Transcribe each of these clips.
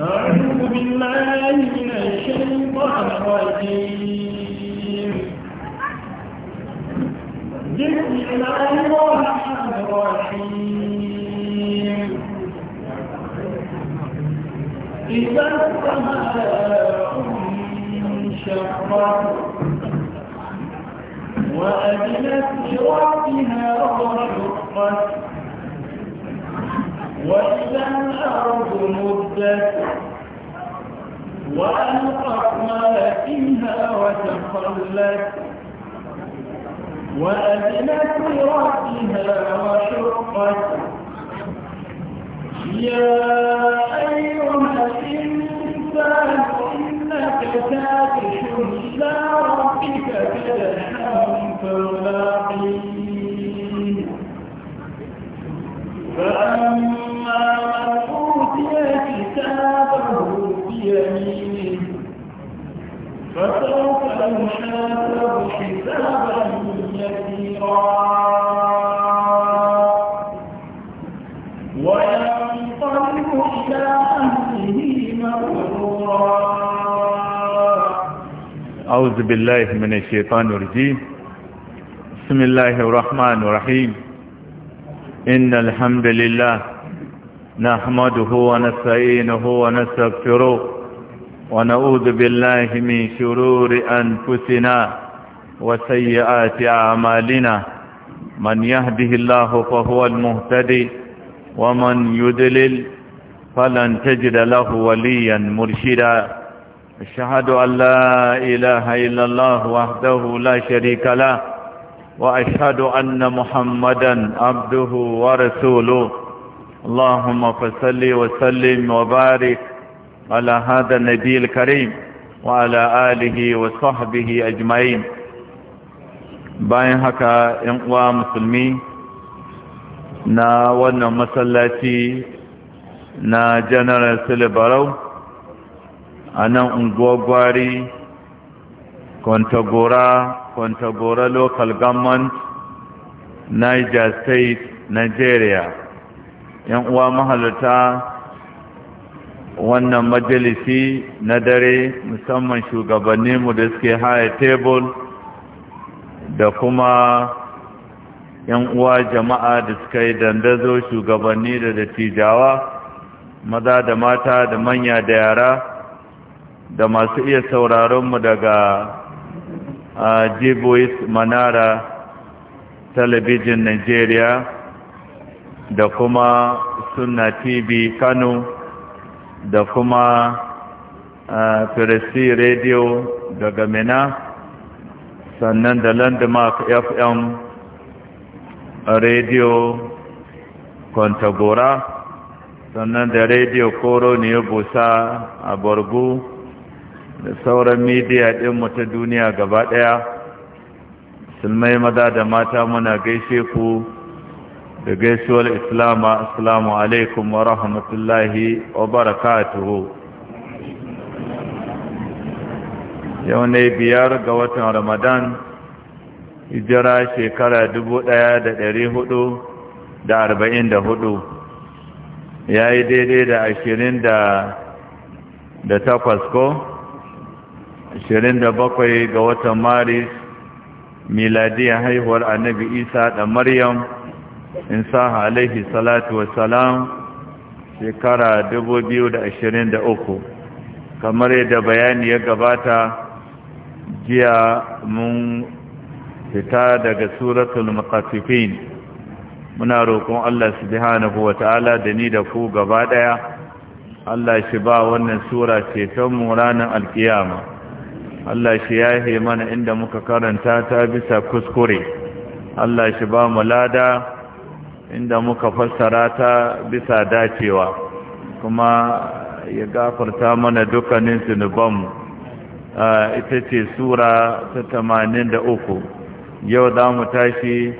أعوذ بالله من الشيطان الرجيم بسم الله الرحمن الرحيم إذا السماء انشقت وأذنت لربها وحقت وإذا الأرض مدت وألقت ما فيها وتخلت وأذنت لربها وشرقت يا أيها الإنسان إنك تابح إلى ربك كدحا فغدا حسابا أعوذ بالله من الشيطان الرجيم بسم الله الرحمن الرحيم إن الحمد لله نحمده ونستعينه ونستغفره ونعوذ بالله من شرور أنفسنا وسيئات أعمالنا من يهده الله فهو المهتدي ومن يدلل فلن تجد له وليا مرشدا أشهد أن لا إله إلا الله وحده لا شريك له وأشهد أن محمدا عبده ورسوله اللهم فصل وسلم وبارك على هذا النبي الكريم wa آله وصحبه أجمعين bayan haka ‘yan uwa musulmi na wannan masallaci na general silibarau a nan unguwar gwari kwantagora kwantagora local government niger state Najeriya, ‘yan uwa mahalarta wannan majalisi na dare musamman shugabanninmu da suke haya tebul da kuma yan uwa jama'a da suka yi dandazo shugabanni da dattijawa maza da mata da manya da yara da masu iya sauraron mu daga jibois manara talabijin nigeria da kuma sunna tv kano da kuma firisi rediyo daga mina sannan da landmark fm rediyo kwantagora sannan da rediyo koro ne busa a borgu da sauran midiya ɗinmu ta duniya gaba ɗaya sulmai maza da mata muna gaishe ku da gaisuwar islama assalamu alaikum wa rahmatullahi wa barakatuhu yau ne biyar ga watan ramadan hijira shekara hudu ya yi daidai da ashirin da takwas ko ashirin da bakwai ga watan maris miladiyar haihuwar annabi isa da maryam in sa alaihi salatu wa salam shekara 2023 kamar yadda bayani ya gabata jiya mun fita daga suratul muqaffifin muna roƙon Allah subhanahu ta'ala da ni da ku gaba daya Allah shi ba wannan sura ce ta ranar alkiyama Allah shi ya mana inda muka karanta ta bisa kuskure Allah shi ba mu lada inda muka fassara ta bisa dacewa kuma ya gafarta mana dukkanin zunubanmu ita ce sura ta tamanin da uku yau za mu tashi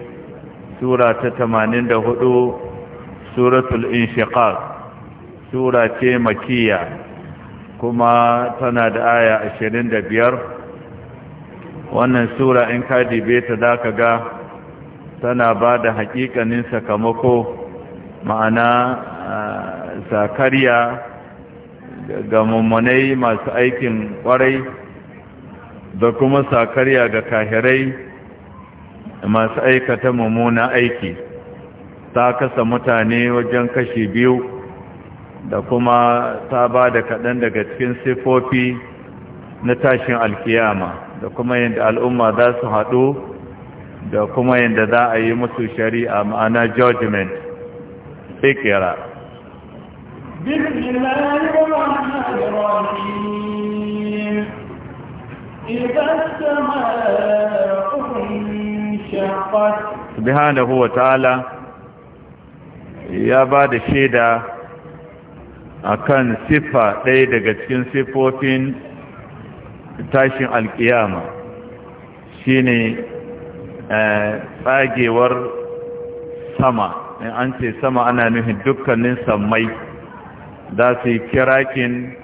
sura ta tamanin da hudu suratul inshiqaq sura ce makiya kuma tana da aya ashirin biyar wannan sura in ka dibe ta za ka ga tana ba da hakikanin sakamako ma'ana zakariya ga mummunai masu aikin kwarai da kuma zakariya ga kahirai masu aikata mummuna aiki ta kasa mutane wajen kashi biyu da kuma ta ba da kaɗan daga cikin sifofi na tashin alkiyama da kuma yadda al'umma za su haɗu da kuma yadda za a yi musu shari'a ma'ana judgment ikira subhanahu wa ta'ala ya ba da shaida a kan siffa ɗaya daga cikin siffofin tashin alkiyama shine Eh, tsagewar sama in an ce sama ana nufin dukkanin sammai za su yi kirakin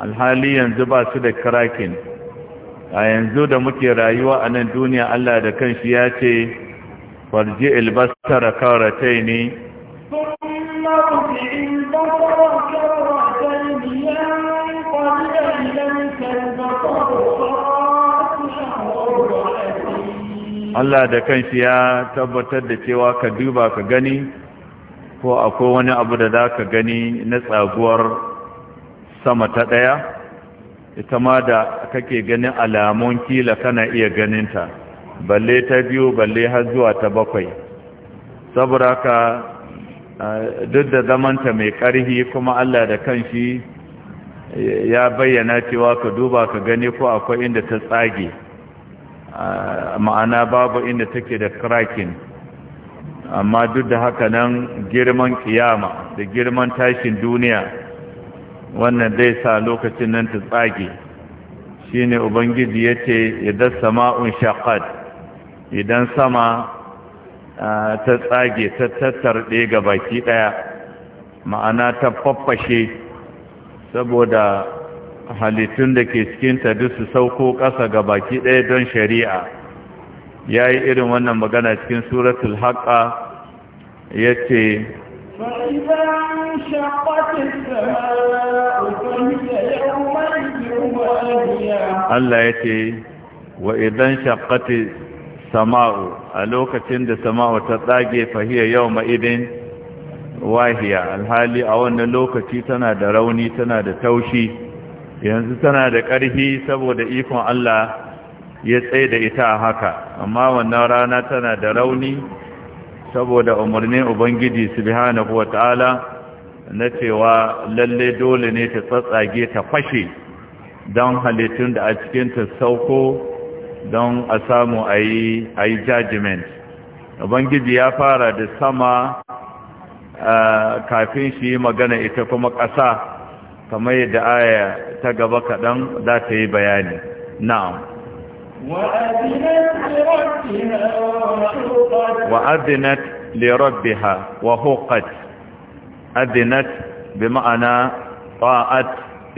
alhali yanzu ba su da kirakin a yanzu da muke rayuwa a nan duniya Allah da kan shi ya ce farji ilbastara karatai ne ثم Allah da kanshi ya tabbatar da cewa ka duba ka gani ko akwai wani abu da za ka gani na tsaguwar sama ta ɗaya ita ma da kake ganin alamun kila kana iya ganinta balle ta biyu balle har zuwa ta bakwai saboda ka duk da zamanta mai ƙarhi kuma Allah da kanshi ya bayyana cewa ka duba ka gani ko akwai inda ta tsage ma'ana babu inda take da krakin amma duk da haka nan girman kiyama da girman tashin duniya wannan zai sa lokacin nan ta tsage shi ne ubangiji ya ce idan sama'un shaqad idan sama ta tsage ta tattarɗe ga baki ɗaya ma'ana ta faffashe saboda halittun da ke cikin ta su sauko ƙasa ga baki ɗaya don shari'a ya yi irin wannan magana cikin suratul haƙa ya ce Allah ya ce wa idan shaƙati sama'u a lokacin da sama'u ta tsage fahiyar yau ma'idin wahiya alhali a wannan lokaci tana da rauni tana da taushi yanzu tana da ƙarfi saboda ikon Allah ya tsaye da ita a haka amma wannan rana tana da rauni saboda umarnin ubangiji subhanahu ta'ala. na cewa lalle dole ne ta tsatsage ta fashe don halittun da a cikin ta sauko don a samu a yi judgment ubangiji ya fara da sama kafin shi magana ita kuma ƙasa kamar da aya ta gaba kaɗan za ta yi bayani na'am wa adinat lirabbi ha wa huƙat adinat bi ma'ana ta'at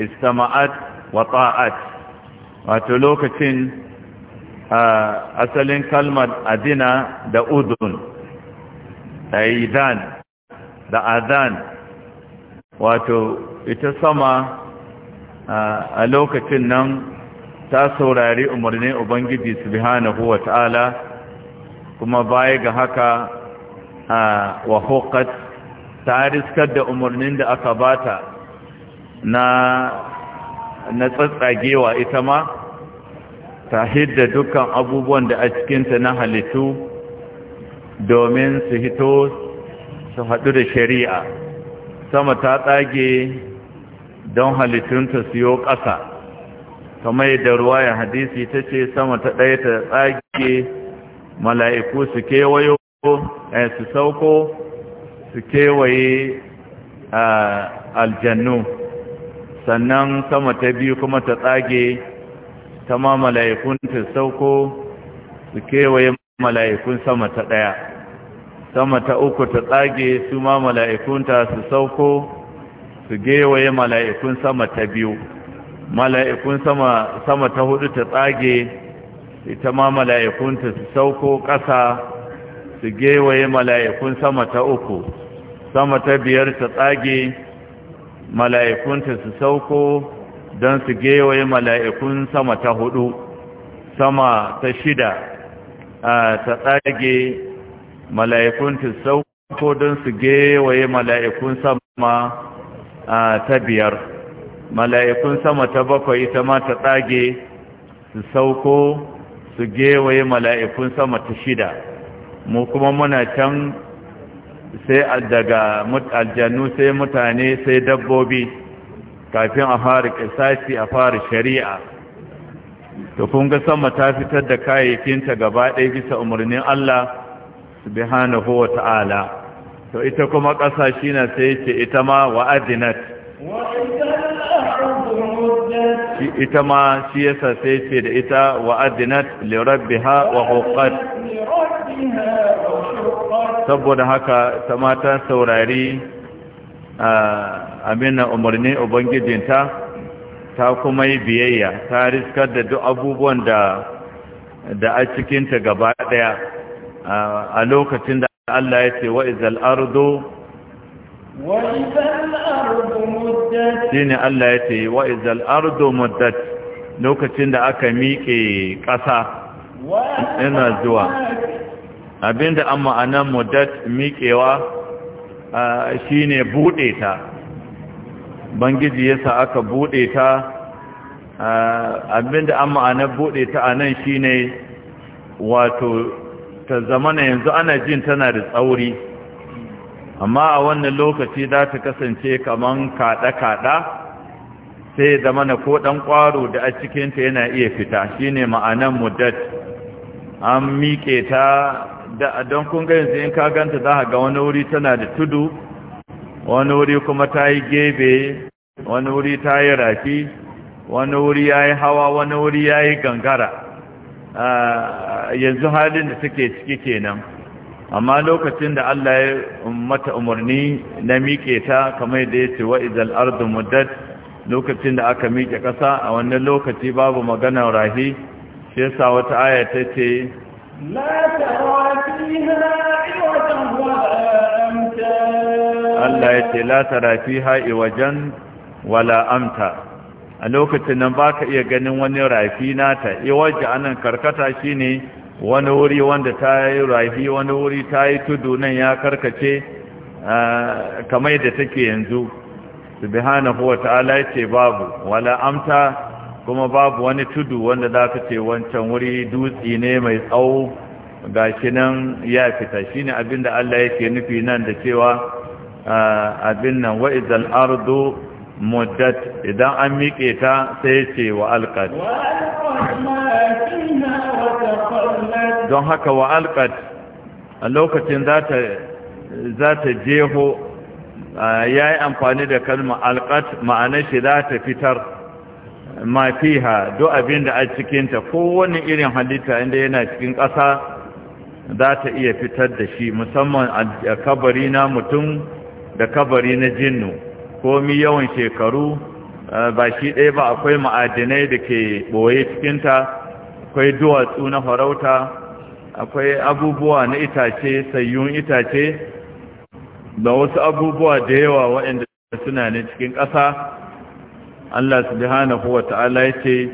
istama'at wa ta'at wato lokacin asalin kalmar adina da udun da idan da adan wato ita sama a lokacin nan ta saurari umarnin ubangiji subhanahu wa ta'ala kuma baya ga haka wa hukat ta riskar da umarnin da aka bata na na tsatsagewa ita ma ta hidda dukkan abubuwan da a cikinta na halittu domin su hito su haɗu da shari'a sama ta tsage don halittun ta siyo ƙasa kamar yadda ruwaya hadisi ta ce sama ta ɗaya ta tsage mala'iku su kewayo eh, su sauko su kewaye aljannu sannan sama ta biyu kuma ta tsage ta ma mala'ikun ta sauko su kewaye mala'ikun sama ta ɗaya sama ta uku ta tsage su ma mala'ikunta su sauko su gewaye mala'ikun sama ta biyu mala'ikun sama sama ta hudu ta tsage ita ma mala'ikunta su sauko ƙasa su gewaye mala'ikun sama ta uku sama ta biyar ta tsage mala'ikunta su sauko don su gewaye mala'ikun sama ta hudu sama ta shida ta tsage mala'ikunta su sauko don su gewaye mala'ikun sama ta biyar mala'ikun sama ta bakwai ita ma ta tsage su sauko su gewaye mala'ikun sama ta shida mu kuma muna can sai daga aljannu sai mutane sai dabbobi kafin a fara kisasi a fara shari'a to kun ga sama ta fitar da kayayyakinta gaba ɗaya bisa umarnin Allah subhanahu wa ta'ala to ita kuma ƙasa shi na sai ce ita ma wa'adinat ita ma shi yasa sai ce da ita wa'adinat lirabbiha wa hukat saboda haka ta mata saurari abin umarni ubangijinta ta kuma yi biyayya ta riskar da duk abubuwan da a cikinta gaba daya a lokacin da Allah ya ce izal ardo muddat ne Allah ya ce izal ardo muddat lokacin da aka miƙe ƙasa ina zuwa abinda an anan muddat miƙewa shine bude ta bangiji yasa aka bude ta abinda an anan bude ta anan shine wato ta zamana yanzu ana jin tana da tsauri amma a wannan lokaci za ta kasance kaman kaɗa-kaɗa sai zamana ko ɗan ƙwaro da a cikinta yana iya fita shine ma'anan muddat an miƙe ta don kunga yanzu in ka ganta za ga wani wuri tana da tudu wani wuri kuma ta yi gebe wani wuri ta yi rafi wani wuri ya yi hawa wani wuri ya yi gangara ah, yanzu halin da suke ciki kenan amma lokacin da Allah ya mata umarni na miƙe ta kamar da ya ce wa'izal ardu muddat lokacin da aka miƙe ƙasa a wannan lokaci babu magana rahi shi yasa wata aya ta ce Allah ya ce la tara fiha iwajan wala amta a lokacin nan ba ka iya ganin wani rafi nata iwaji eh, nan karkata shi ne wani wuri wanda ta yi rafi wani wuri ta yi tudu nan ya karkace ah, kamar da take yanzu subhanahu wa ta'ala ce babu wala amta kuma babu wani tudu wanda za ka ce wancan wuri dutse ne mai tsawo shi nan ya fita Shi shine abinda Allah yake nufi nan da cewa ah, abin nan wa'izal ardu muddat idan an miƙe ta sai ce wa alƙad don haka wa alƙad a lokacin za ta jeho ya yi amfani da kalmar alƙad ma'anar shi za ta fitar mafiha duk abin da a cikinta kowane irin halitta inda yana cikin ƙasa za ta iya fitar da shi musamman a kabari na mutum da kabari na jinnu komi yawan shekaru eh, ba shi ɗaya ba akwai ma'adinai da ke ɓoye cikinta akwai duwatsu na farauta akwai abubuwa na itace sayyun itace da wasu abubuwa da yawa waɗanda suna ne cikin ƙasa Allah subhanahu wa ta'ala ya ce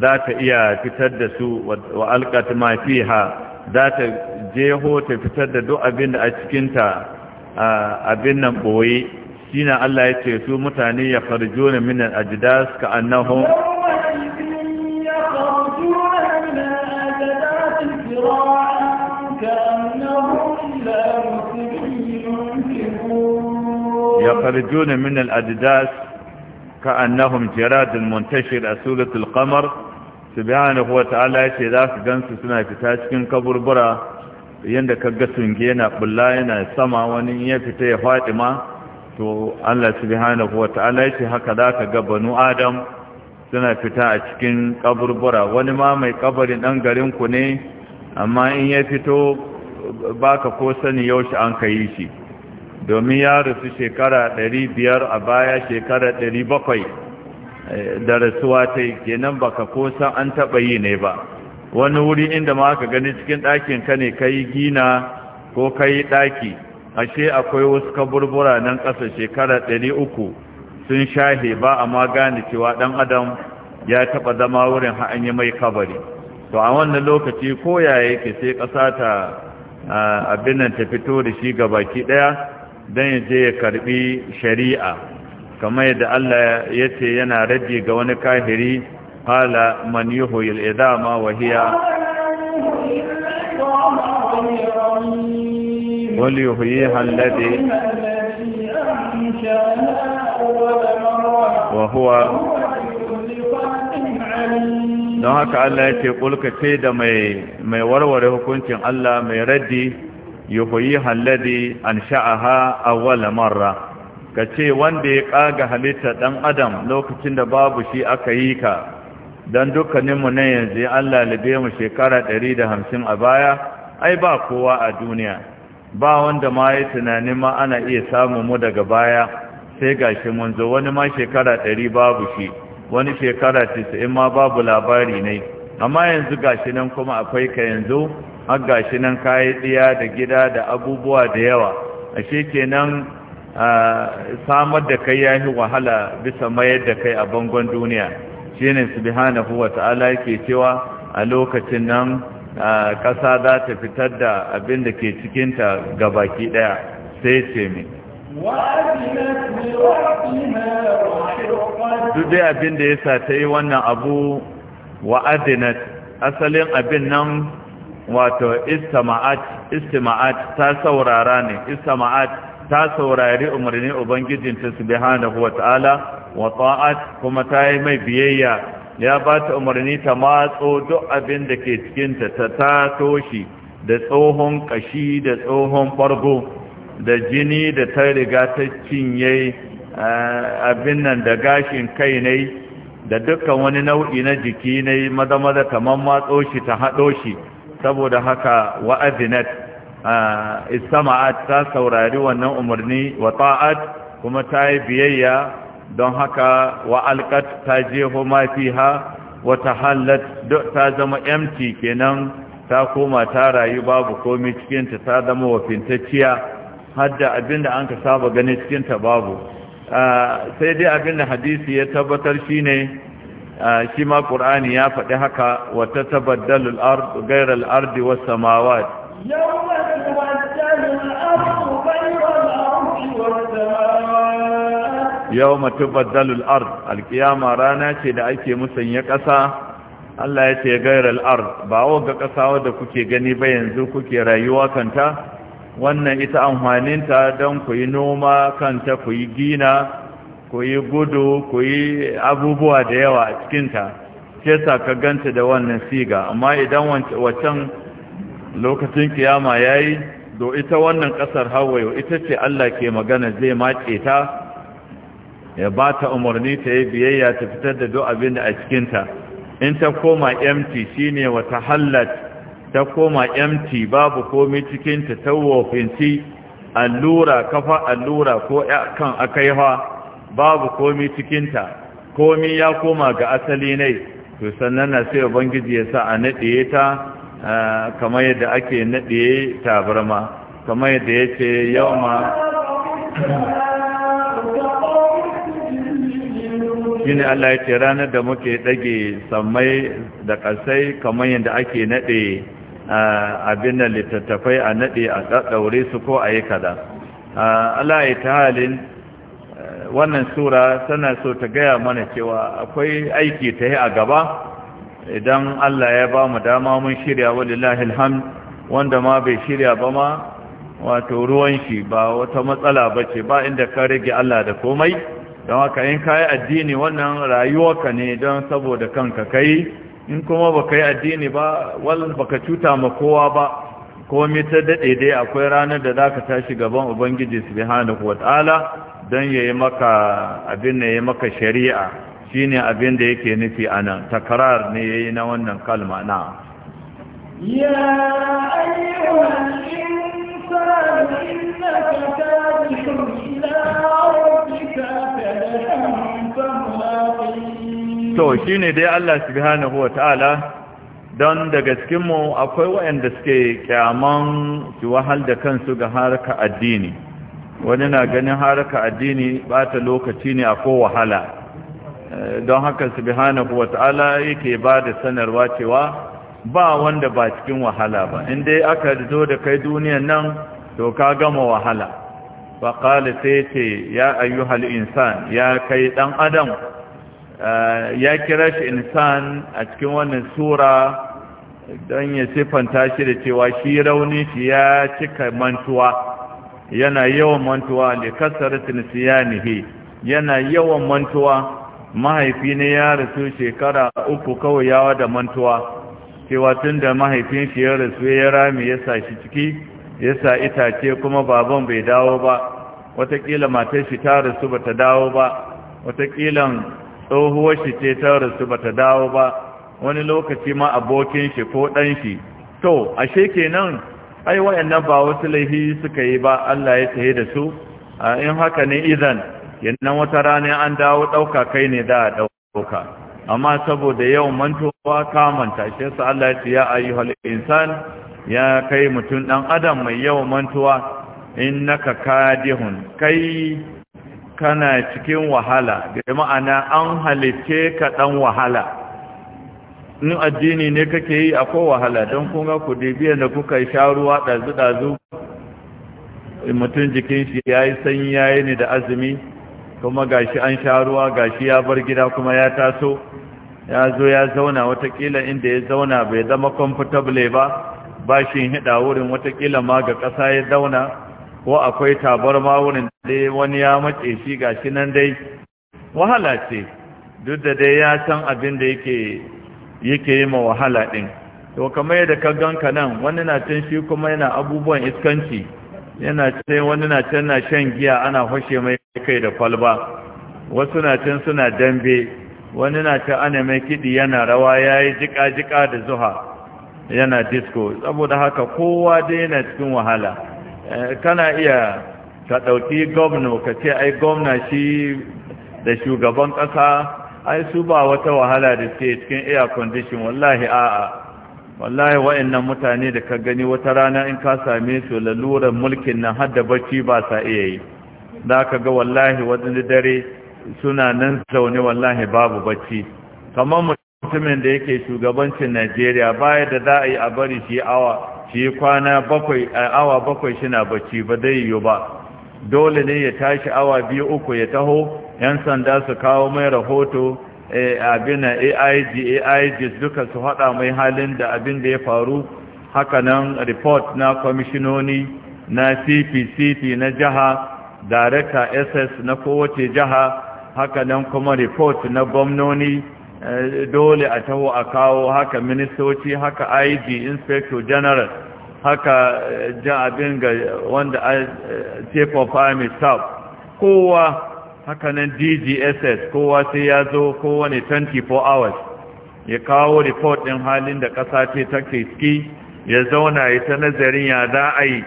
za ta iya fitar da su wa alƙat ha, za ta jeho ta fitar da duk abin da a cikinta abin nan ɓoye shine Allah yace su mutane ya farjo ne min al-ajdas ka annahu ya farjo ne min al-ajdas ka annahu jirad al-muntashir asulat al-qamar subhanahu wa ta'ala ya ce zasu gansu suna fita cikin kaburbura yanda kaga sunge yana bulla yana sama wani ya fita ya fadi ma to Allah subhanahu wa ta'ala yace haka zaka ga banu adam suna fita a cikin kaburbura wani ma mai kabarin dan garin ku ne amma in ya fito baka ko sani yaushe an kai shi domin ya rasu shekara 500 a baya shekara 700 eh, da rasuwa ta kenan baka ko san an taɓa yi ne ba wani wuri inda ma aka gani cikin ɗakin ka ne yi gina ko ka yi ɗaki ashe akwai wasu kaburbura nan ƙasa shekara uku sun shahe ba a ma gane cewa ɗan adam ya taɓa zama wurin ha'anyi mai kabari to a wannan lokaci koya yake sai ƙasa ta abin nan ta fito da shi ga baki ɗaya don ya je ya karɓi shari'a kamar yadda Allah ya ce yana rage ga wani kahiri hala man yuhu wahiya قل يحييها الذي وهو don haka Allah ya ce ƙulka ce da mai warware hukuncin Allah mai raddi ya koyi halladi an sha'aha awwala marra ka ce wanda ya ƙaga halitta ɗan adam lokacin da babu shi aka yi ka don dukkaninmu na yanzu Allah libe mu shekara 150 a baya ai ba kowa a duniya ba wanda ma ya tunanin ma ana iya samun mu daga baya sai gashi mun zo wani ma shekara ɗari babu shi wani shekara 90 ma babu labari ne amma yanzu gashi nan kuma akwai ka yanzu har gashi nan kayi tsiya da gida da abubuwa da yawa ashe kenan samar da kai yi wahala bisa mayar da kai a bangon duniya shine subhanahu wata'ala yake cewa a lokacin nan ƙasa za ta fitar da abin da ke cikinta ga baki ɗaya sai ce mai duk abin da ya sa ta yi wannan abu wa'adinat asalin abin nan wato istima'at ta saurara ne istama'at ta saurari umarni ubangijinta subhanahu wa ta'ala wa ta'at kuma ta yi mai biyayya ya ba ta umarni ta matso duk abin da ke cikinta ta tato shi da tsohon kashi da tsohon fargo da jini da ta riga ta cinye eh, abin nan da gashin kai ne da dukkan wani nau'i na jiki ne maza-maza kamar matso shi ta haɗo shi saboda haka wa'azinat eh, isama'at ta saurari wannan umarni wa ta'at kuma ta yi biyayya don haka wa alqat ta jeho ma wata wa tahallat ta zama empty kenan ta koma ta rayu babu komai cikinta ta zama wafintacciya hadda abinda an ka saba gani cikinta babu sai dai abinda hadisi ya tabbatar shine shi ma ƙur'ani ya faɗi haka wata tabbatar al-ardu ghayra samawa. yau baddalul ard alkiyama rana ce da ake musanya ƙasa Allah ya ce gairar ard ba ga ƙasa wadda kuke gani ba yanzu kuke rayuwa kanta wannan ita amfaninta don ku yi noma kanta ku yi gina ku yi gudu ku yi abubuwa da yawa a cikinta ce ka ganta da wannan siga amma idan wancan lokacin kiyama ya yi do ita wannan ƙasar hawaye, ita ce Allah ke magana zai mace ta ya ba ta umarni ta yi biyayya ta fitar da duk abin da a cikinta in ta koma empty shine wata hallat ta koma empty babu komai cikinta ta wofinci allura kafa allura ko kan akaiwa babu komai cikinta komai ya koma ga asali ne to sannan na sai ubangiji ya sa a naɗe ta kamar yadda ake naɗe tabarma kamar yadda ya ce yau shine Allah ya ce ranar da muke dage sammai da ƙasai kamar yadda ake naɗe abin da littattafai a nade a daddaure su ko a yi kada. Allah ya ta halin wannan sura tana so ta gaya mana cewa akwai aiki ta yi a gaba idan Allah ya ba mu dama mun shirya walillahi alhamd wanda ma bai shirya ba ma wato ruwan shi ba wata matsala bace ba inda ka rage Allah da komai don haka in ka addini wannan rayuwarka ne don saboda kanka kai in kuma ba ka yi addini ba wannan ba ka cuta ma kowa ba komai ta daɗe dai akwai ranar da za ka tashi gaban ubangiji su bi hana don ya yi maka abin da ya maka shari'a shi ne abin da yake nufi a nan takarar ne ya yi na wannan kalma na ya ayyuhal الإنسان to shine dai Allah subhanahu wa ta'ala don daga cikinmu akwai waɗanda suke kyaman su wahal da kansu ga harka addini wani na ganin haraka addini ba ta lokaci ne a ko wahala eh, don haka subhanahu wa ta'ala yake ba da sanarwa cewa ba wanda ba cikin wahala ba in dai aka zo da kai duniyan nan to ka gama wahala fa qala sai ce ya ayyuhal insan ya kai dan adam eh, ya kira shi insan a cikin wannan sura Dan ya sifanta shi da cewa shi rauni shi ya cika mantuwa yana yawan mantuwa da kasaratin siyanihi yana yawan mantuwa mahaifi ne ya rasu shekara uku kawai yawa da mantuwa cewa tun da mahaifin shi ya rasu ya rami ya sa shi ciki ya sa itace kuma baban bai dawo ba watakila matar shi ta rasu ba ta dawo ba watakila tsohuwar shi ce ta rasu ba ta dawo ba wani lokaci ma abokin shi ko ɗan shi to ashe kenan ai wayannan ba wasu laifi suka yi ba Allah ya tahe da su in haka ne idan yannan wata rana an dawo ɗauka kai ne da a ɗauka amma saboda yawan mantuwa ka manta shi yasa Allah ya ce ya ayyuhal insan ya kai mutum dan adam mai yawan mantuwa innaka kadihun kai kana cikin wahala da ma'ana an halice ka dan wahala in addini ne kake yi akwai wahala don ga ku dibiya da kuka yi sharuwa ɗazu-ɗazu mutum jikin shi ya yi sanyi ya yi ne da azumi kuma gashi an sha ruwa gashi ya bar gida kuma ya taso ya zo ya zauna watakila inda ya zauna bai zama comfortable ba ba shi hida wurin watakila ma ga ƙasa ya zauna ko akwai tabarma wurin dai wani ya mace shi gashi nan dai wahala ce duk da dai ya san abin da yake yake yi ma wahala ɗin to kamar yadda ka ganka nan wani na can shi kuma yana abubuwan iskanci yana ce wani na can na shan giya ana hoshe mai kai da kwalba wasu na can suna dambe wani na can ana mai kiɗi yana rawa ya yi jika-jika da zuha yana disco, saboda haka kowa dai yana cikin wahala eh, kana iya ka ɗauki gwamna ka ce ai gwamna shi da shugaban ƙasa ai su ba wata wahala da ke cikin air condition wallahi a'a wallahi wa'annan mutane da ka gani wata rana in ka same su lalurar mulkin nan har da bacci ba sa iya yi za ka ga wallahi wani dare suna nan zaune wallahi babu bacci kamar mutumin da yake shugabancin najeriya baya da za a yi a bari shi awa shi kwana bakwai awa bakwai shi na bacci ba zai yiwu ba dole ne ya tashi awa biyu uku ya taho yan sanda su kawo mai rahoto eh, abin aig aig duka su hada mai halin da abin da ya faru haka nan report na kwamishinoni na cpcp na jiha director ss na kowace jiha hakanan kuma report na gwamnoni eh, dole a taho a kawo haka ministoci haka ig inspector general haka eh, jan abin ga wanda eh, chief of army staff kowa hakanan dgss kowa sai ya zo kowane 24 hours ya kawo report din halin da ƙasa ce take ski ya zauna ya ta nazarin ya za a yi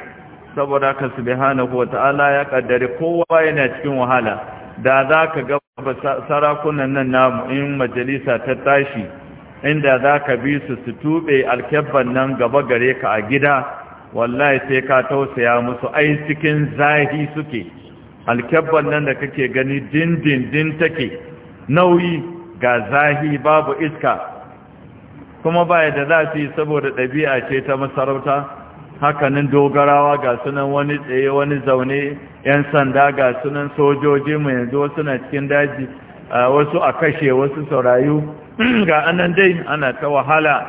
saboda ka subhanahu wata'ala ya kaddare kowa yana cikin wahala da za ka ga sarakunan nan na in majalisa ta tashi inda za ka bi su su tube alkebban nan gaba gare ka a gida wallahi sai ka tausaya musu ai cikin zahi suke alkebban nan da kake gani dindindin take nauyi ga zahi babu iska kuma baya da za su yi saboda ɗabi'a ce ta masarauta hakanin dogarawa ga sunan wani tsaye wani zaune 'yan sanda ga sunan sojoji mu yanzu wasu na cikin daji wasu a kashe wasu saurayu ga anan dai ana ta wahala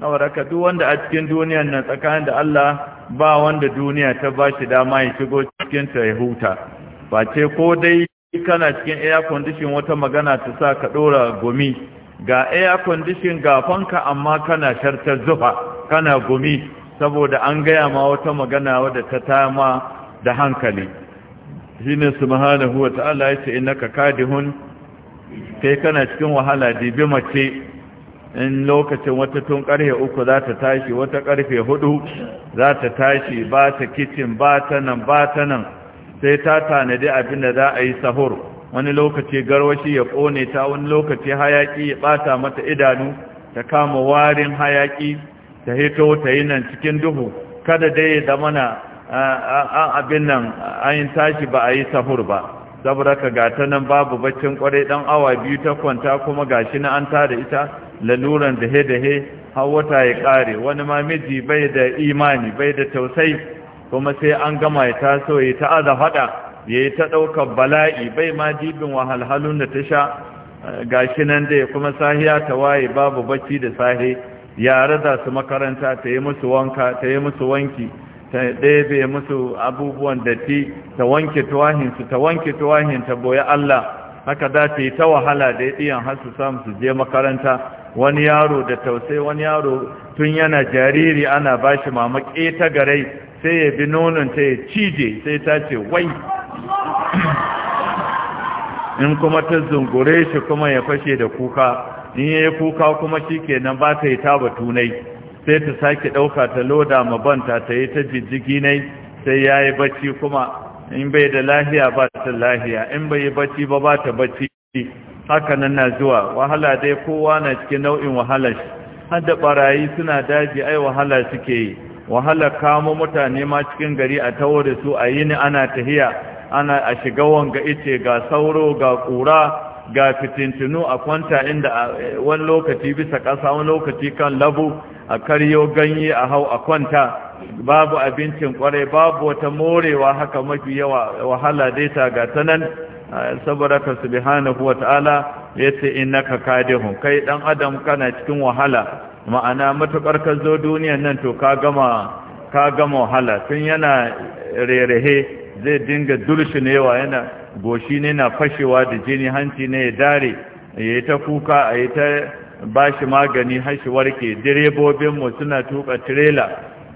na waraka duk wanda a cikin duniyan nan tsakanin da Allah ba wanda duniya ta ba shi dama ya shigo cikin ta ya huta ba ce ko dai kana cikin air condition wata magana ta sa ka ɗora gumi ga air condition ga fanka amma kana shartar zufa kana gumi saboda an gaya ma wata magana wadda ta tama da hankali shi ne mahana huwa ta'ala ya ce in naka kadihun kai kana cikin wahala dibi mace in lokacin wata tun karfe uku za ta tashi wata karfe hudu za ta tashi ba ta kicin ba ta nan ba ta nan sai ta tanadi abin da za a yi sahur wani lokaci garwashi ya kone ta wani lokaci hayaki ya ɓata mata idanu ta kama warin hayaƙi. ta hito ta yi nan cikin duhu kada dai da mana an abin nan an yi tashi ba a yi sahur ba saboda ka gata nan babu baccin kwarai dan awa biyu ta kwanta kuma gashi na an tada ita laluran dahe dahe har wata ya kare wani ma miji bai da imani bai da tausayi kuma sai an gama ya taso ya ta aza fada ya yi ta ɗaukar bala'i bai ma dibin wahalhalun da ta sha gashi nan dai kuma sahiya ta waye babu bacci da sahi yare da su makaranta ta yi musu wanka ta yi musu wanki ta ɗebe musu abubuwan datti ta wanke tuwahinsu ta wanke tuwahin ta boye Allah haka za ta yi ta wahala da ya ɗiyan hasu su su je makaranta wani yaro da tausai wani yaro tun yana jariri ana ba shi mama ta garai sai ya bi nonon ta ya cije sai ta ce wai in kuma ta zungure shi kuma ya fashe da kuka in ya kuka kuma shi nan ba ta yi ta tunai. sai ta sake ɗauka ta loda mabanta ta yi ta jijjigi nai sai ya yi bacci kuma in bai da lahiya ba ta lahiya in bai yi bacci ba ba ta bacci haka nan na zuwa wahala dai kowa na cikin nau'in wahalar har da barayi suna daji ai wahala suke yi wahala kamo mutane ma cikin gari a tawo da su a yini ana tahiya ana a shiga wanga ice ga sauro ga kura ga fitintinu a kwanta inda wani lokaci bisa ƙasa wani lokaci kan labu a karyo ganye a hau a kwanta babu abincin kwarai babu wata morewa haka mafi yawa wahala dai ta ga ta nan saboda ka subhanahu wata'ala yace innaka kadihun kai dan adam kana cikin wahala ma'ana matukar ka zo duniyan nan to ka gama ka gama wahala tun yana rerehe zai dinga dulshinewa yana goshi ne na fashewa da jini hanci ne ya dare ya ta kuka a ta ba shi magani hashi warke direbobinmu suna tuka tirela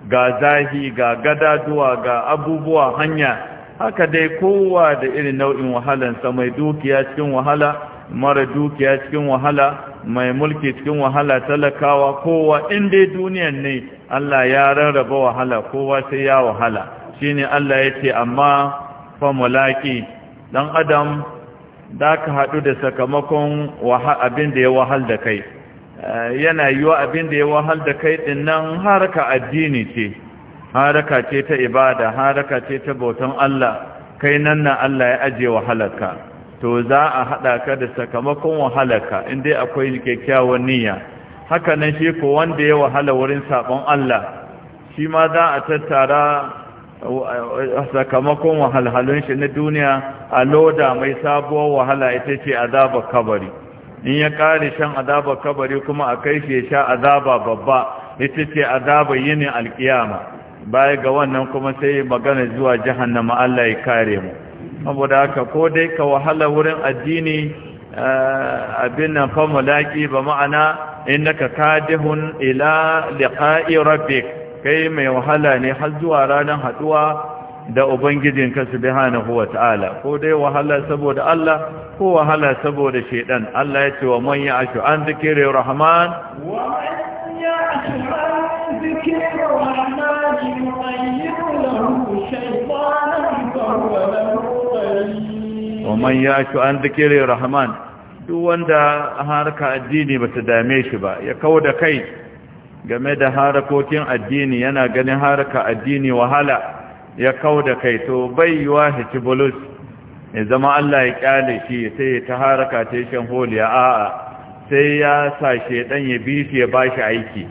ga zahi ga gadaduwa ga abubuwa hanya haka dai kowa da irin nau'in wahalansa mai dukiya cikin wahala mara dukiya cikin wahala mai mulki cikin wahala talakawa kowa in dai duniyan ne Allah ya rarraba wahala kowa sai ya wahala shine Allah yace amma fa mulaki dan adam da ka haɗu da sakamakon abin da ya wahal da kai eh, yana yiwa abin da ya wahal da kai ɗin nan haraka addini ce haraka ce ta ibada haraka ce ta bautan Allah kai nan na Allah ya aje wahalarka to za a haɗa ka da sakamakon wahalarka dai akwai kyakkyawar niyya haka nan shi ko wanda ya wahala wurin sabon Allah shi ma za a tattara sakamakon wahalhalun shi na duniya a loda mai sabuwar wahala ita ce azabar kabari in ya kare shan azabar kabari kuma a kai shi sha azaba babba ita ce azabar yini alkiyama baya ga wannan kuma sai magana zuwa jahannama Allah ya kare mu saboda haka ko dai ka wahala wurin addini eh, abin nan fa mulaki ba ma'ana innaka kadihun ila liqa'i rabbik kai mai wahala ne har zuwa ranar haduwa da ubangijin ubangijinka subhanahu wata'ala ko dai wahala saboda Allah ko wahala saboda shaidan. Allah ya ce wa man ya'shu an zikri rahman wa man ya'shu an zikri rahman yuqayyib lahu shaytanan fa huwa lahu qarin wa man ya'shu an zikri rahman duk wanda harka addini ba bata dame shi ba ya kauda kai game da harakokin addini yana ganin haraka addini wahala ya kau da kai to bai yiwa wa bulus in zama Allah ya kyale shi sai ta haraka ta shan holiya a'a sai ya sa shedan ya bi shi ya shi aiki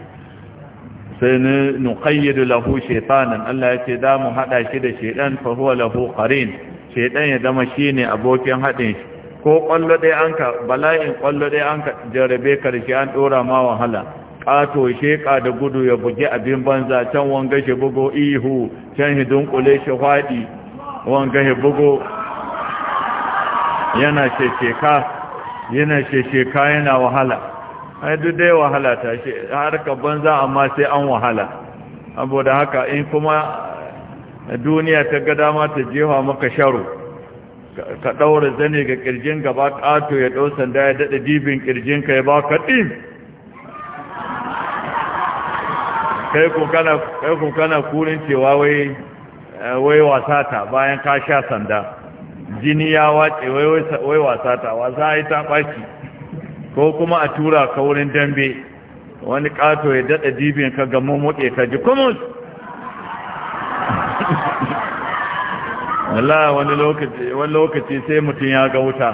sai ni nuqayyidu lahu shaytanan Allah ya ce da mu hada shi da shedan fa huwa lahu qarin shedan ya zama shine abokin haɗin shi ko kwallo dai an ka bala'in kwallo dai an ka jarabe karshe an ɗora ma wahala ƙato sheƙa da gudu ya bugi abin banza can wanga shi bugo ihu can hidin ƙule shi haɗi wanga shi bugo yana shesheka yana yana wahala ai duk dai wahala ta shi banza amma sai an wahala saboda haka in kuma duniya ta ga dama ta jefa maka sharu, ka ɗaura zane ga ƙirjin gaba ƙato ya ɗau sanda ya daɗa dibin ƙirjinka ya ba ka ɗin kai ko kana kurin cewa wai eh, wasa wasata bayan ka sha sanda jini ya wace wai wasa ta, wasa ai ta baki ko kuma a tura ka wurin dambe wani kato ya dada jibin ka ga mummuɗe ka ji kumus Allah wani lokaci wani lokaci sai mutum ya ga wuta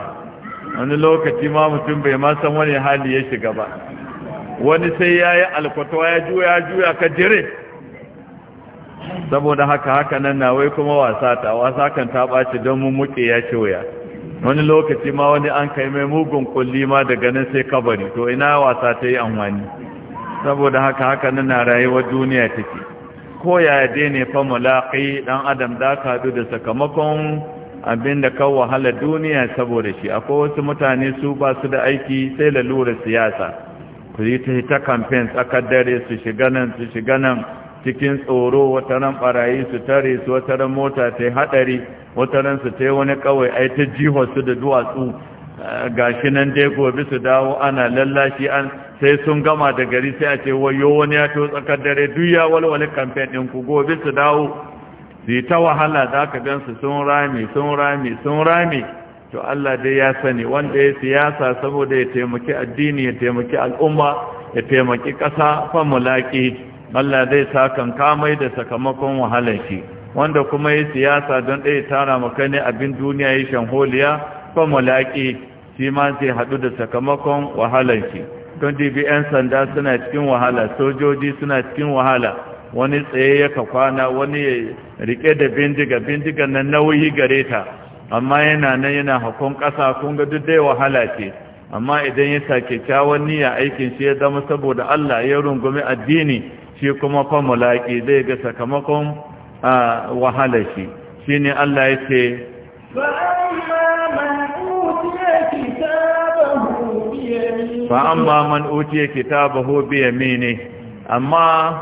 wani lokaci ma mutum bai ma san wani hali ya shiga ba wani sai ya yi alkwatuwa ya juya juya ka jire saboda haka haka nan na wai kuma wasa ta wasa kan ta ɓaci don mun muke ya ce wuya wani lokaci ma wani an kai mai mugun kulli ma daga nan sai kabari to ina wasa ta yi amfani saboda haka haka nan na rayuwar duniya take ko ya dai ne fa mulaƙi dan adam da ka da sakamakon abin da kan wahala duniya saboda shi akwai wasu mutane su ba su da aiki sai lalura siyasa su yi ta hita kamfen tsakar dare su shiga nan su shiga nan cikin tsoro wata ran barayi su tare su wata ran mota ta hadari wata ran su ta wani kawai ai ta jihar su da duwatsu gashi nan dai gobe su dawo ana lallashi an sai sun gama da gari sai a ce wayo wani ya to tsakar dare duk ya walwale kamfen din ku gobe su dawo su yi ta wahala za ka gan su sun rami sun rami sun rami. to Allah dai ya sani wanda ya siyasa saboda ya taimaki addini ya taimaki al'umma ya taimaki ƙasa fa mulaki Allah zai sakan kamai da sakamakon wahalar wanda kuma ya siyasa don ɗaya tara maka ne abin duniya ya shanholiya fa mulaki shi ma zai haɗu da sakamakon wahalar don dibi 'yan sanda suna cikin wahala sojoji suna cikin wahala wani tsaye ya kwana wani ya riƙe da bindiga bindigan nan nauyi gare ta amma yana nan yana hakon ƙasa kun ga duk dai wahala ce amma idan ya sa kyakkyawan niyya aikin shi ya zama saboda Allah ya rungumi addini shi kuma fa mulaki zai ga sakamakon wahala shi shine Allah ya ce fa amma man utiya kitabahu bi yamini amma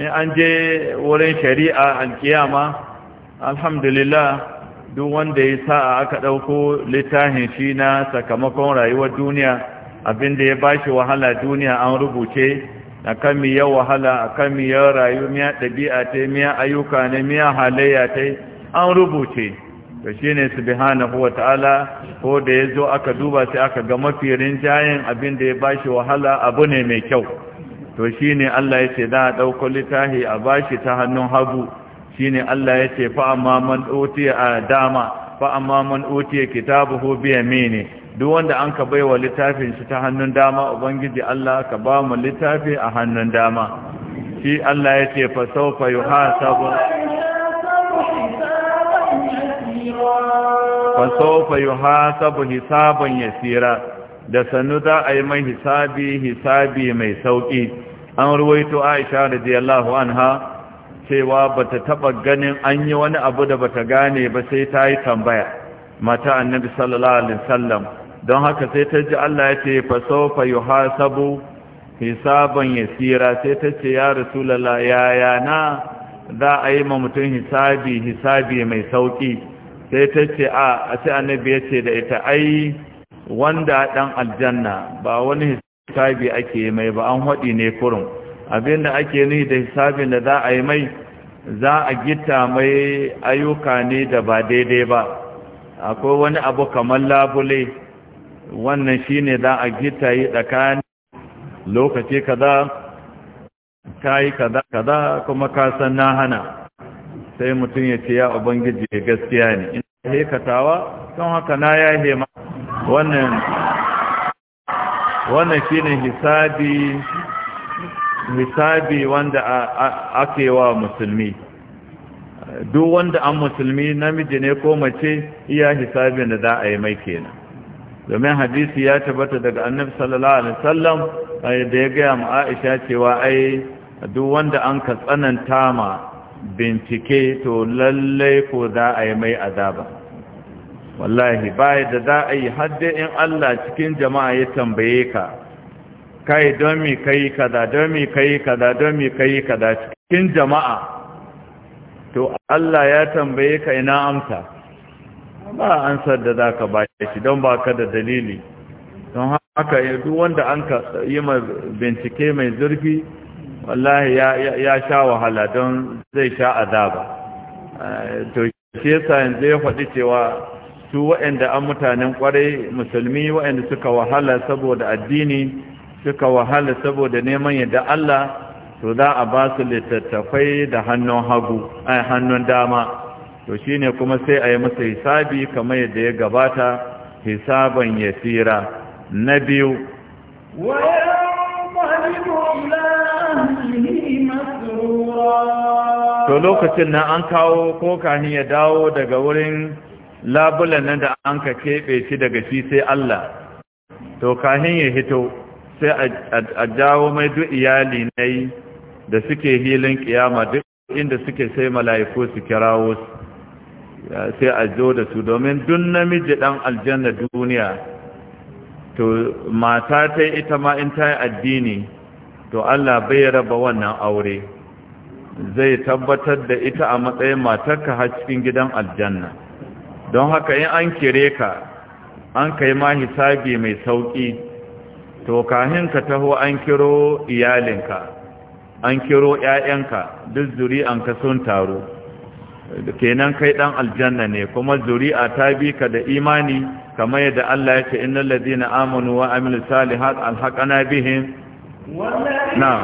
in an je wurin shari'a alkiyama alhamdulillah duk wanda ya sa aka ɗauko littafin shi na sakamakon rayuwar duniya abinda ya bashi wahala duniya an rubuce a kan miyar wahala a kan miyar rayu miya ɗabi'a ta miya ayyuka ne miya halayya ta an rubuce da shi ne subhanahu wa ta'ala ko da ya zo aka duba sai aka ga mafi rinjayen abinda ya bashi wahala abu ne mai kyau to shi ne Allah ya ce za a ɗauko littafi a bashi ta hannun hagu Shi ne Allah ya ce fa amma man a dama fa amma man utiya kitabahu bi yamini duk wanda an ka baiwa littafin shi ta hannun dama ubangiji Allah ka ba mu littafi a hannun dama shi Allah ya ce fa sawfa yuhasabu fa sawfa yuhasabu hisaban yasira da sanu za a yi mai hisabi hisabi mai sauki an ruwaito Aisha radiyallahu anha cewa bata taba ganin an yi wani abu da bata gane ba sai ta yi tambaya mata annabi sallallahu alaihi wasallam don haka sai ta ji Allah ya ce fa sawfa yuhasabu hisaban yasira sai ta ce ya rasulullah ya ya za a yi ma mutum hisabi hisabi mai sauki sai ta ce a sai annabi ya ce da ita ai wanda dan aljanna ba wani hisabi ake mai ba an hadi ne kurun abinda ake ni da hisabin da za a yi mai za a gita mai ayyuka ne da ba daidai ba akwai wani abu kamar labule wannan shi ne za a gita yi tsakani lokaci kaza ta yi kaza kaza kuma kasan na hana sai mutum ya ce ya ubangiji gaskiya ne in hekatawa kan haka na ya hema wannan shi ne hisabi misabi wanda ake wa musulmi duk wanda an musulmi namiji ne ko mace iya hisabin da za a yi mai kenan domin hadisi ya tabbata daga annabi sallallahu alaihi wasallam da ya gaya ma Aisha cewa ai duk wanda an ka tsananta ma bincike to lallai ko za a yi mai azaba wallahi baya da za a yi hadde in Allah cikin jama'a ya tambaye ka kai don mi kai kada don mi kai kada don mi kai kaza cikin jama'a to Allah ya tambaye ka ina amsa ba ansar da zaka ba shi don ba ka da dalili don haka duk wanda an ka yi ma bincike mai zurfi wallahi ya sha wahala don zai sha azaba eh, to shi yasa yanzu ya faɗi cewa su waɗanda an mutanen ƙwarai musulmi waɗanda suka wahala saboda addini suka wahala saboda neman yadda Allah to za a ba su littattafai da hannun hagu a eh, hannun dama to shine kuma sai a yi masa hisabi kamar yadda ya gabata hisaban ya yasira na biyu to lokacin na an kawo ko kani ya dawo daga wurin labulan nan da an ka keɓe shi daga shi sai Allah to kahin ya hito sai a jawo mai duk iyali na yi da suke hilin kiyama duk inda suke sai mala'iku su kirawo wasu sai a zo da su domin dun namiji dan aljanna duniya to mata ta ita ma in ta yi addini to Allah bai raba wannan aure zai tabbatar da ita a matsayin matarka har cikin gidan aljanna don haka in an kire ka an kai ma hisabi mai sauƙi to kahin ka taho an kiro iyalinka an kiro ƴaƴanka duk zuri'anka sun taru kenan kai dan aljanna ne kuma zuri'a ta bi ka da imani kamar yadda Allah ya ce innal ladina amanu wa amilus salihat alhaqana bihim na.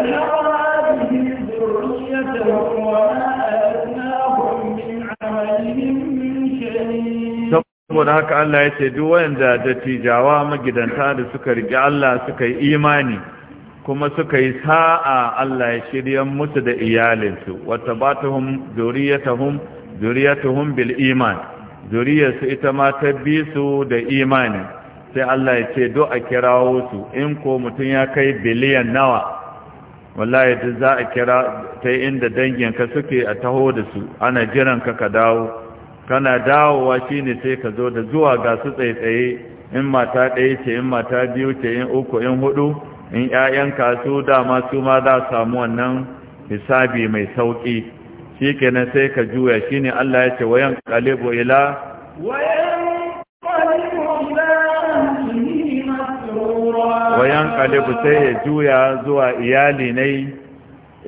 na'am saboda haka Allah ya ce duk wanda dattijawa magidanta da suka riƙe Allah suka yi imani kuma suka yi sa'a Allah ya shirya musu da iyalinsu wata ba ta hun bil iman zuriyarsu ita ma ta bi su da imani sai Allah ya ce duk a kirawo su in ko mutum ya kai biliyan nawa wallahi duk za a kira ta inda dangin ka suke a taho da su ana jiranka ka dawo kana dawowa ne sai ka zo da zuwa ga su tsaye in mata ɗaya ce in mata biyu ce in uku in hudu in ƴaƴanka su dama su ma za a samu wannan hisabi mai sauƙi shi kenan sai ka juya shi ne Allah ya ce wayan qalibu ila wayan yanqalibu sai ya juya zuwa iyali yi,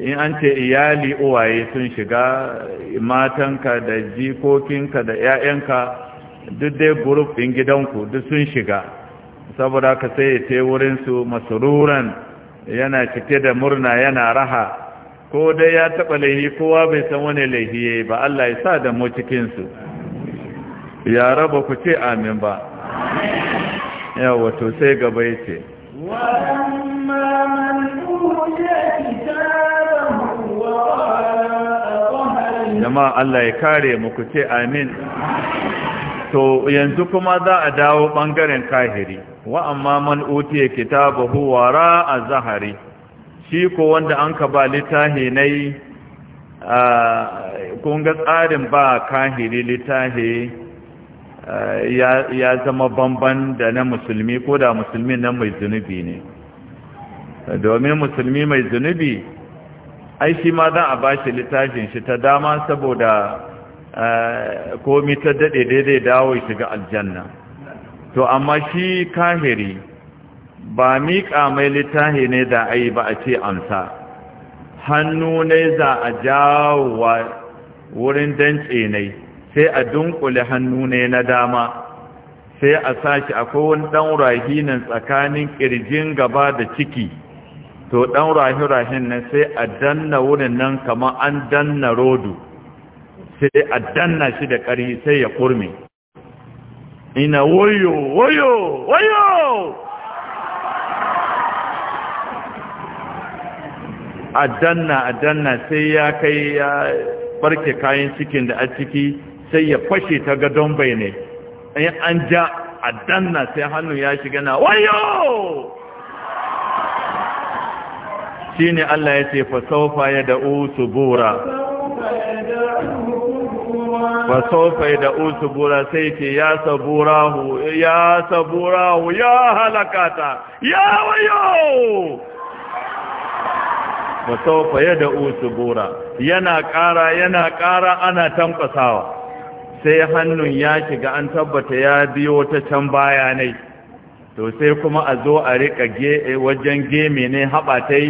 in an ce iyali uwaye sun shiga matanka da jikokinka da 'ya'yanka duk dai gurufin ɗin gidanku duk sun shiga saboda ka sai ya ce wurinsu masururan yana cike da murna yana raha ko dai ya taɓa laihi kowa bai san wani laihi ba Allah ya sa da mu cikinsu ya raba ku ce amin ba yawa to sai gaba ya ce وأما ya kare mu. وراء ce amin to yanzu kuma za a dawo ɓangaren kahiri wa amma man utiye kitabu huwara a zahari shi ko wanda an ka ba littahi na yi kun ga tsarin ba kahiri littafi. Eh, ya zama bamban da na musulmi ko da musulmi nan mai zunubi ne domin musulmi mai zunubi ai shi ma zan a ba shi littafin shi ta dama saboda eh, komi ta daɗe daidai dawo shiga aljanna to amma shi kahiri ba miƙa mai littafi ne da ai ba a ce amsa hannu ne za a jawo wurin dantse ne sai a dunkule hannu ne na dama sai a sashi akwai wani ɗan rahi nan tsakanin ƙirjin gaba da ciki to ɗan rahi-rahin nan sai a danna wurin nan kamar an danna rodu sai a danna shi da ƙari sai ya kurme ina wayo wayo wayo a danna a danna sai ya kai ya barke kayan cikin da a ciki sai ya fashe ta don bai ne in an ja a danna sai hannu ya shiga na wayo shi ne Allah ya ce fasofa ya da'u subura fasofa ya da'u subura sai ce ya saburahu ya saburahu ya halakata ya wayo fasofa ya da'u subura yana ƙara yana ƙara ana tankwasawa sai hannun ya shiga an tabbata ya biyo ta can baya ne to sai kuma a zo a riƙa wajen geme ne haɓatai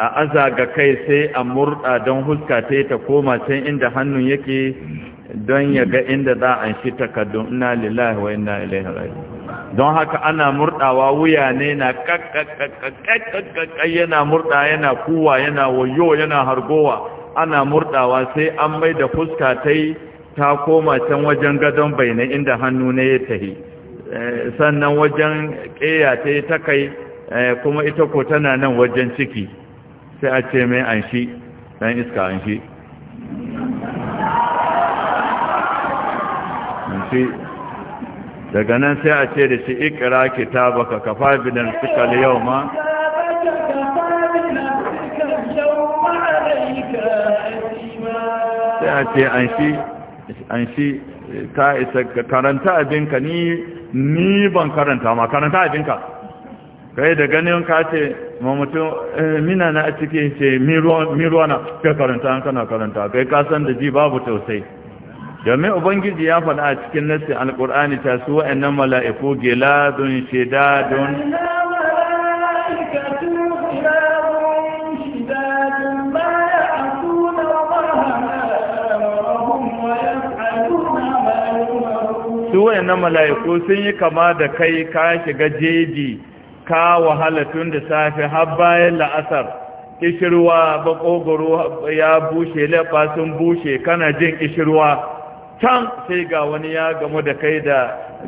a aza ga kai sai a murɗa don huska ta ta koma can inda hannun yake don ya ga inda za a shi takardun ina lillahi wa ina ilaihi rai. don haka ana murɗawa wuya ne na kakkakkakkakkai yana murda yana kuwa yana wayo yana hargowa ana murɗawa sai an mai da fuska ta ta koma can wajen gadon bayanan inda hannu na ya tahi eh, sannan wajen ƙeya ta yi ta kai eh, kuma ita ko tana nan wajen ciki sai a ce mai an shi ɗan iska an shi daga nan sai a ce da shi ikira ka kafa bidan suka yau ma sai a ce an shi an shi ta isa karanta abinka ni ni ban karanta ma karanta abinka kai da ganin ka ce ma mutum eh, mina na a ciki ce miruwana ka karanta an kana karanta kai ka san da ji babu tausayi domin ubangiji ya faɗa a cikin nasi Alƙur'ani ta su wa'annan mala'iku shida don. su wayannan mala'iku sun yi kama da kai ka shiga jeji ka wahala tun da safe har bayan la'asar kishirwa bakogoro ya bushe leɓa sun bushe kana jin kishirwa can sai ga wani ya gamu da kai da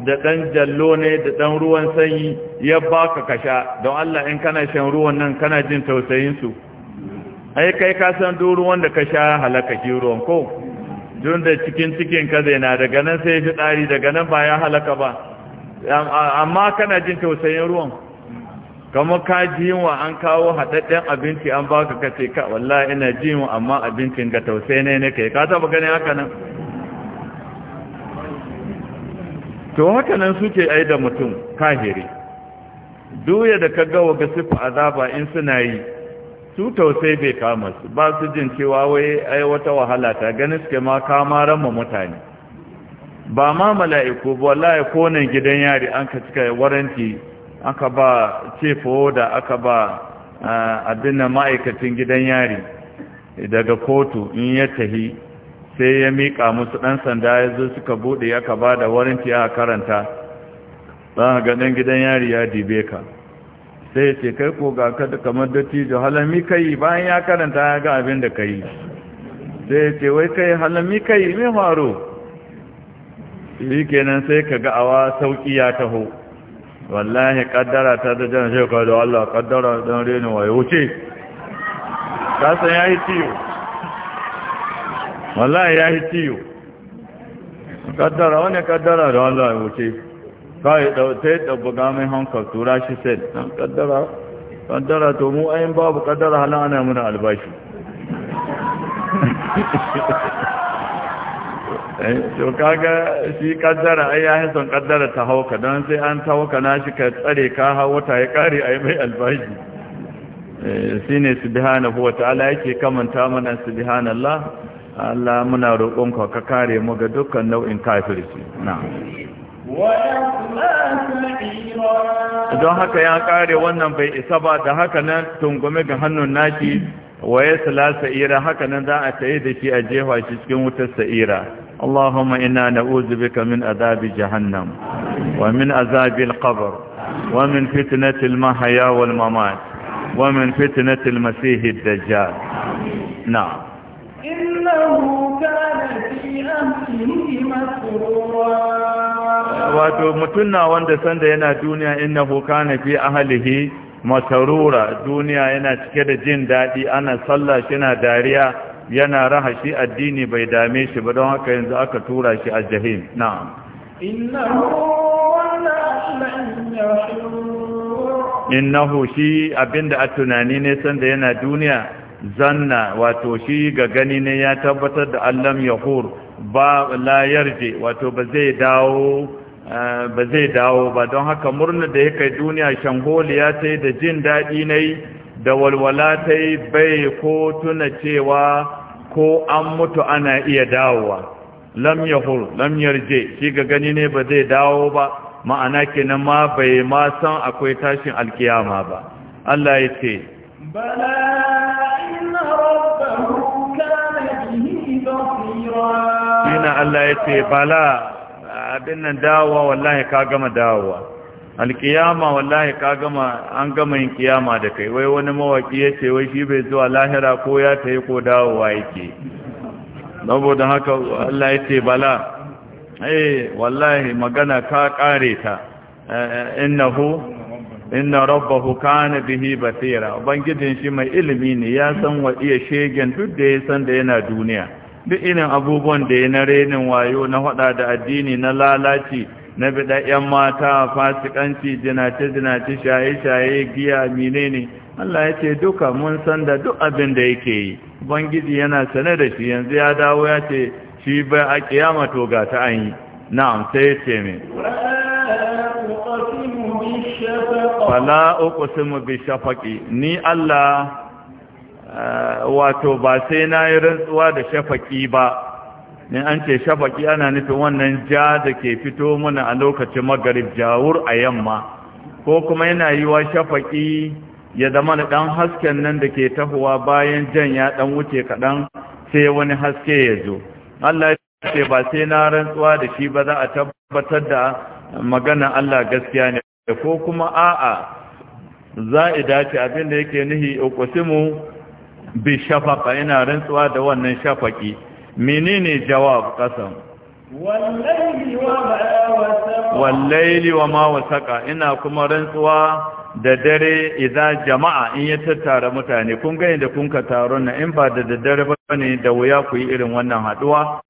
da ɗan jallo ne da ɗan ruwan sanyi ya baka kasha don Allah in kana shan ruwan nan kana jin tausayinsu ai kai ka san duk ruwan da ka sha halaka ki ruwan ko don da cikin cikin ka zai na daga nan sai fi tsari daga nan ba ya halaka ba amma kana jin tausayin ruwan kamar ka ji yunwa an kawo haɗaɗɗen abinci an baka ka ce ka wallahi ina ji yunwa amma abincin ga tausayi ne ne kai ka taba gani haka nan to haka nan suke ai da mutum kahiri duya da ka ga wa sifa azaba in suna yi su tausai bai kama su ba su jin cewa wai ai wata wahala ta ganin suke ma kama ma mutane ba ma mala'iku ba wallahi ko nan gidan yari an ka cika waranti aka ba cefo da aka ba abin da ma'aikacin gidan yari daga kotu in ya tahi sai ya miƙa musu ɗan sanda ya zo suka buɗe aka ba da waranti a karanta ɗan ganin gidan yari ya dibe ka sai ce kai ko ga kada kamar dattijo halami kai bayan ya karanta ya ga abin da kai sai ce wai kai halami kai mai faru yi kenan sai ka ga awa sauki ya taho wallahi kaddara ta da jan shekwa da Allah kaddara don reni waye wuce kasan ya yi tiyo wallahi ya yi tiyo kaddara wani kaddara da Allah ya wuce kawai ɗautai ɗabbaga mai hankal tura shi sai ɗan ƙaddara ƙaddara to mu ayin babu ƙaddara halin ana muna albashi eh, to kaga shi ƙaddara ai ya yi son ƙaddara ta hauka don sai an ta hauka na shi ka tsare ka hau wata ya kare a yi mai albashi eh, shi ne subhanahu wa ta'ala yake kamanta mana subhanallah Allah muna roƙonka ka kare mu ga dukkan nau'in kafirci na don haka ya kare wannan bai isa ba da haka nan tungume ga hannun naki waye sala ira? haka nan za a tayi da shi a jefa shi cikin wutar sa'ira Allahumma inna na'udhu bika min adhabi jahannam wa min azabi al-qabr wa min fitnati al-mahya wal mamat wa min fitnati al-masih ad-dajjal na'am innahu kana fi amrihi masrura wato mutum na wanda sanda yana duniya innahu kana fi ahlihi matarura duniya yana cike da jin daɗi ana sallah yana dariya yana raha shi addini bai dame shi ba don haka yanzu aka tura shi a jahim na'am innahu shi abinda a tunani ne sanda yana duniya zanna wato shi ga gani ne ya tabbatar da allam yahur ba la yarje wato ba zai dawo Eh, ba zai dawo ba don haka murna da ya kai duniya shangoliya ta da jin daɗi na da walwala ta yi bai ko tuna cewa ko an mutu ana iya dawowa lam yahur lam yarje shi ga gani ne ba zai dawo ba ma'ana kenan ma bai ma san akwai tashin alkiyama ba Allah ya ce bala inna rabbahu kana bihi basira Allah ya ce bala abin nan dawowa wallahi ka gama dawowa alkiyama wallahi ka gama an gama yin kiyama da kai wai wani mawaki ya ce wai shi bai zuwa lahira ko ya ta yi ko dawowa yake saboda haka Allah ya ce bala eh wallahi magana ka kare ta eh, eh, innahu inna rabbahu kana bihi basira ubangijin shi mai ilimi ne ya san wa iya shegen duk da ya san da yana duniya duk irin abubuwan da ya na renin wayo na hada da addini na lalaci na bida yan mata fasikanci jinace-jinace shaye-shaye giya menene Allah ya ce duka mun san da duk abin da yake yi bangiji yana sane da shi yanzu ya dawo ya ce shi bai a kiyama to ga ta an yi na'am sai ya ce me fala uqsimu bi shafaqi ni Allah wato ba sai na yi rantsuwa da shafaki ba in an ce shafaki ana nufin wannan ja da ke fito mana a lokacin magarib jawur a yamma ko kuma yana yi wa shafaki ya zama da ɗan hasken nan da ke tahowa bayan jan ya ɗan wuce kaɗan sai wani haske ya zo Allah ya ce ba sai na rantsuwa da shi ba za a tabbatar da magana Allah gaskiya ne ko kuma a'a za a dace abin da yake nihi uqsimu bi shafaqa yana rantsuwa da wannan shafaki menene jawab qasam wallahi wa ma wasaka ina kuma rantsuwa da dare idza jama'a in ya tattara mutane kun gani da kun ka taro na in ba da daddare ba da wuya ku yi irin wannan haduwa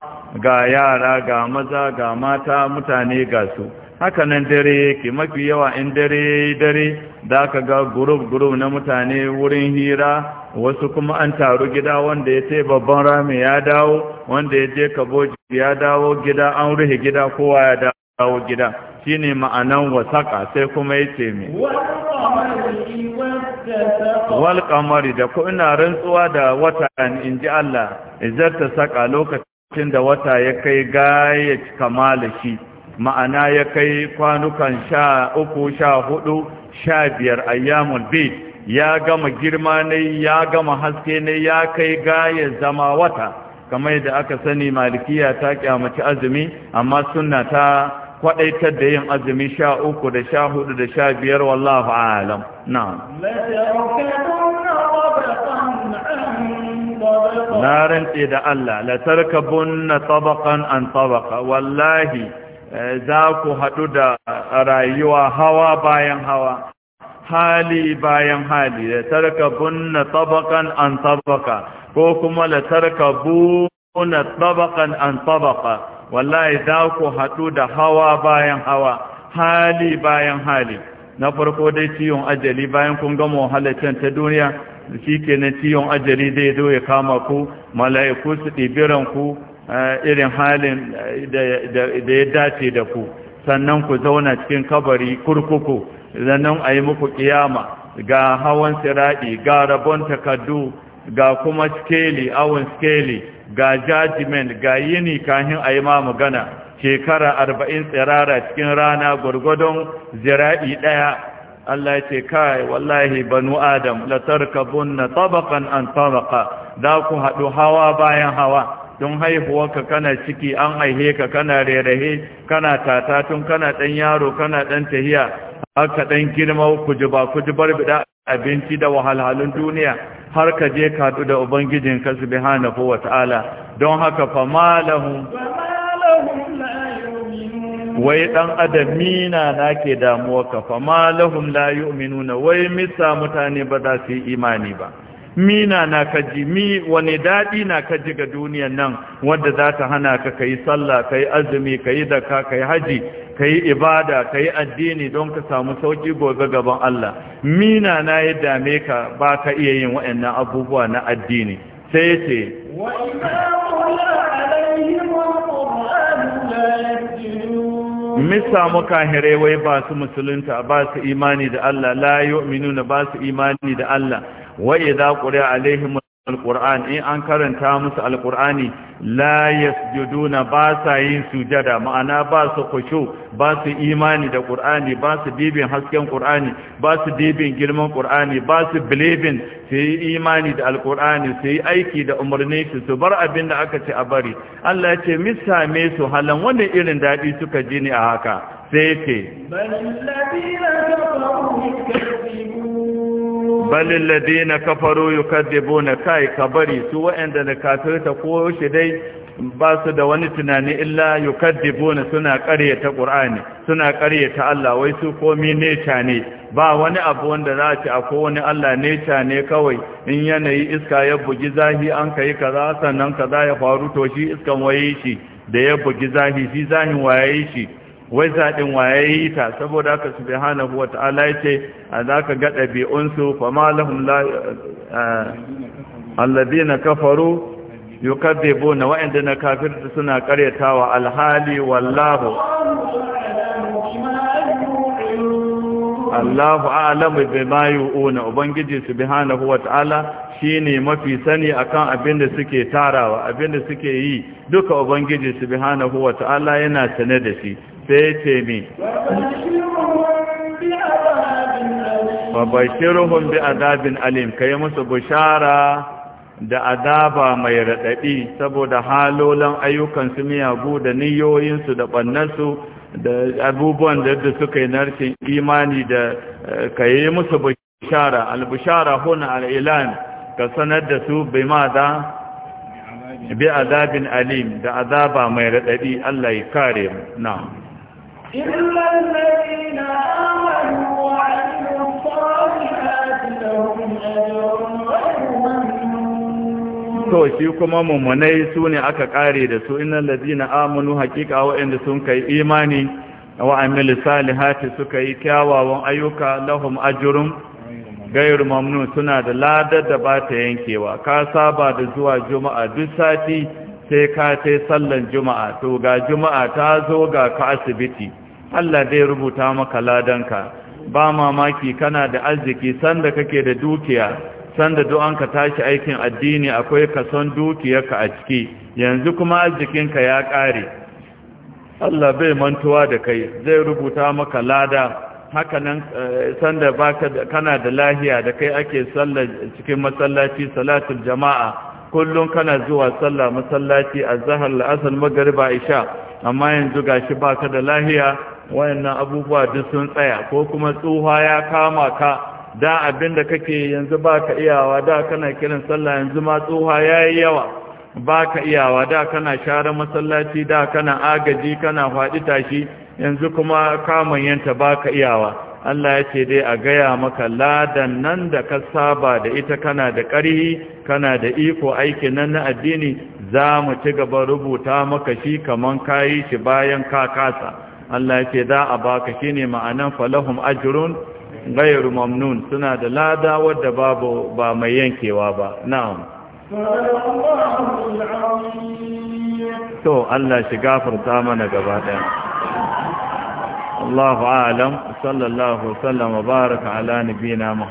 ga yara ga maza ga mata mutane ga su haka nan dare yake mafi yawa in dare dare da ka ga guruf gurub na mutane wurin hira wasu kuma an taru gida wanda ya ce babban rami ya dawo wanda ya je kaboji ya dawo gida an ruhe gida kowa ya dawo gida shine ma'anan wasaka sai kuma ya ce mai wal da ku ina rantsuwa da wata in ji Allah ta saka lokacin da wata ya kai gaya kamala shi ma'ana ya kai kwanukan sha uku sha hudu sha biyar ayyamul bit ya gama girma ne ya gama haske ne ya kai gaya zama wata kamar yadda aka sani malikiya ta kyamaci azumi amma sunna ta kwadaitar da yin azumi sha uku da sha hudu da sha biyar wallahu alam na'am na rantse da Allah la bunna tabaqan an tabaqa wallahi eh, za ku haɗu da rayuwa hawa bayan hawa hali bayan hali da tarkabunna tabakan an tabaka ko kuma la tarkabunna tabakan an tabaka wallahi za ku hadu da hawa bayan hawa hali bayan hali na farko dai ciwon ajali bayan kun gama wahalacin ta duniya shi ke na ciwon ajali zai zo ya kama ku mala'iku su ɗibiran ku eh, irin halin eh, da ya dace da ku sannan ku zauna cikin kabari kurkuku ranan ayi muku ƙiyama ga hawan siraɗi ga rabon takardu ga kuma skeli awon skeli ga judgment ga yini kahin ayi ma magana shekara arba'in tsirara cikin rana gwargwadon zira'i ɗaya Allah ce kai wallahi banu adam la tarkabunna tabaqan an tabaqa za ku haɗu hawa bayan hawa don ka kana ciki an haihe ka kana rerehe kana tata tun kana ɗan yaro kana ɗan tahiya aka ɗan girma ku ji ba ku ji abinci da wahalhalun duniya har ka je kaɗu da ubangijin ka su bihana ko wata'ala don haka fama wai ɗan adamina na ke damuwa ka fama layu minuna wai misa mutane ba za su yi imani ba mina na kaji mi wani daɗi na kaji ga duniyar nan wanda za ta hana ka kai sallah kai azumi kai daka kai haji ka yi ibada ka yi addini don ka samu sauki gobe gaban Allah mina na ya dame ka ba ka iya yin waɗannan abubuwa na addini sai ce misa muka wai ba su musulunta ba su imani da Allah la yu'minuna ba su imani da Allah wa idza quri'a alaihim al-Qur'an in an karanta musu alƙur'ani la yasjuduna ba sa yin sujada ma'ana ba su kushu ba su imani da ƙur'ani ba su dibin hasken ƙur'ani ba su dibin girman ƙur'ani ba su bilibin su imani da alƙur'ani su yi aiki da umarni su su bar abin da aka ce a bari Allah ya ce misame su halan wanda irin daɗi suka ji ni a haka sai ce balin na kafaro yi kaddebo na kai kabari su waɗanda da katarta ko shi dai ba su da wani tunani illa yi na suna ta ƙur'ani suna ta Allah wai su komi neca ne ba wani abu wanda za a ci a kowane Allah neca ne kawai in yanayi iska ya bugi zahi an ka yi kaza sannan kaza ya faru to shi iskan waye shi da ya bugi zahi shi zahin waye shi wai zaɗin waye yi ta saboda haka subhanahu wata'ala yace zaka ga ɗabi'unsu fama lahum la na kafaru yukaddibuna wa'anda na kafirta suna karyatawa alhali wallahu Allahu a'lamu bima yu'una ubangiji subhanahu wata'ala shine mafi sani akan abin da suke tarawa abin da suke yi duka ubangiji subhanahu ta'ala yana sane da shi sai ce ne ruhun bi azabin alim kai musu bushara da azaba mai raɗaɗi saboda halolan su miyagu da su da ɓannansu da abubuwan da suka yi narkin imani da eh, kai musu bushara albushara huna al'ilan ka sanar da su bai ma da bi azabin alim da azaba mai raɗaɗi Allah ya kare mu na إلا to shi kuma mummunai su ne aka ƙare da su inna lazina amanu hakika waɗanda sun kai imani wa amil salihati suka yi kyawawan ayyuka lahum ajurum, gairu mamnun suna da ladar da ba ta yankewa ka saba da zuwa juma'a duk sati sai ka sai sallan juma'a to ga juma'a ta zo ga ka asibiti Allah zai rubuta maka ladanka ba mamaki kana da arziki sanda kake da dukiya sanda ka tashi aikin addini akwai ka kason dukiyarka a ciki yanzu kuma arzikinka ya ƙare Allah bai mantuwa da kai zai rubuta maka lada Haka nan eh, sanda baka kana da lahiya da kai ake sallar cikin masallaci salatul jama'a kullum kana zuwa sallar masallaci azhar la'asar maghrib isha amma yanzu gashi baka da lahiya wayannan abubuwa duk sun tsaya ko kuma tsuha ya kama ka da abinda kake yanzu baka iyawa da kana kiran sallah yanzu ma tsuha yayi yawa baka iyawa da kana share masallaci da kana agaji kana faɗi tashi yanzu kuma kamun yanta baka iyawa Allah ya ce dai a gaya maka ladan nan da ka saba da ita kana da ƙarhi kana da iko aiki nan na addini za mu ci gaba rubuta maka shi kaman kayi shi bayan ka kasa Allah ce da a baka shine ma'anan falahum ajrun ghayru mamnun suna da lada wadda babu ba mai yankewa ba na'am to Allah shi gafarta mana gaba daya Allahu a'lam sallallahu alaihi wa sallam baraka ala nabiyina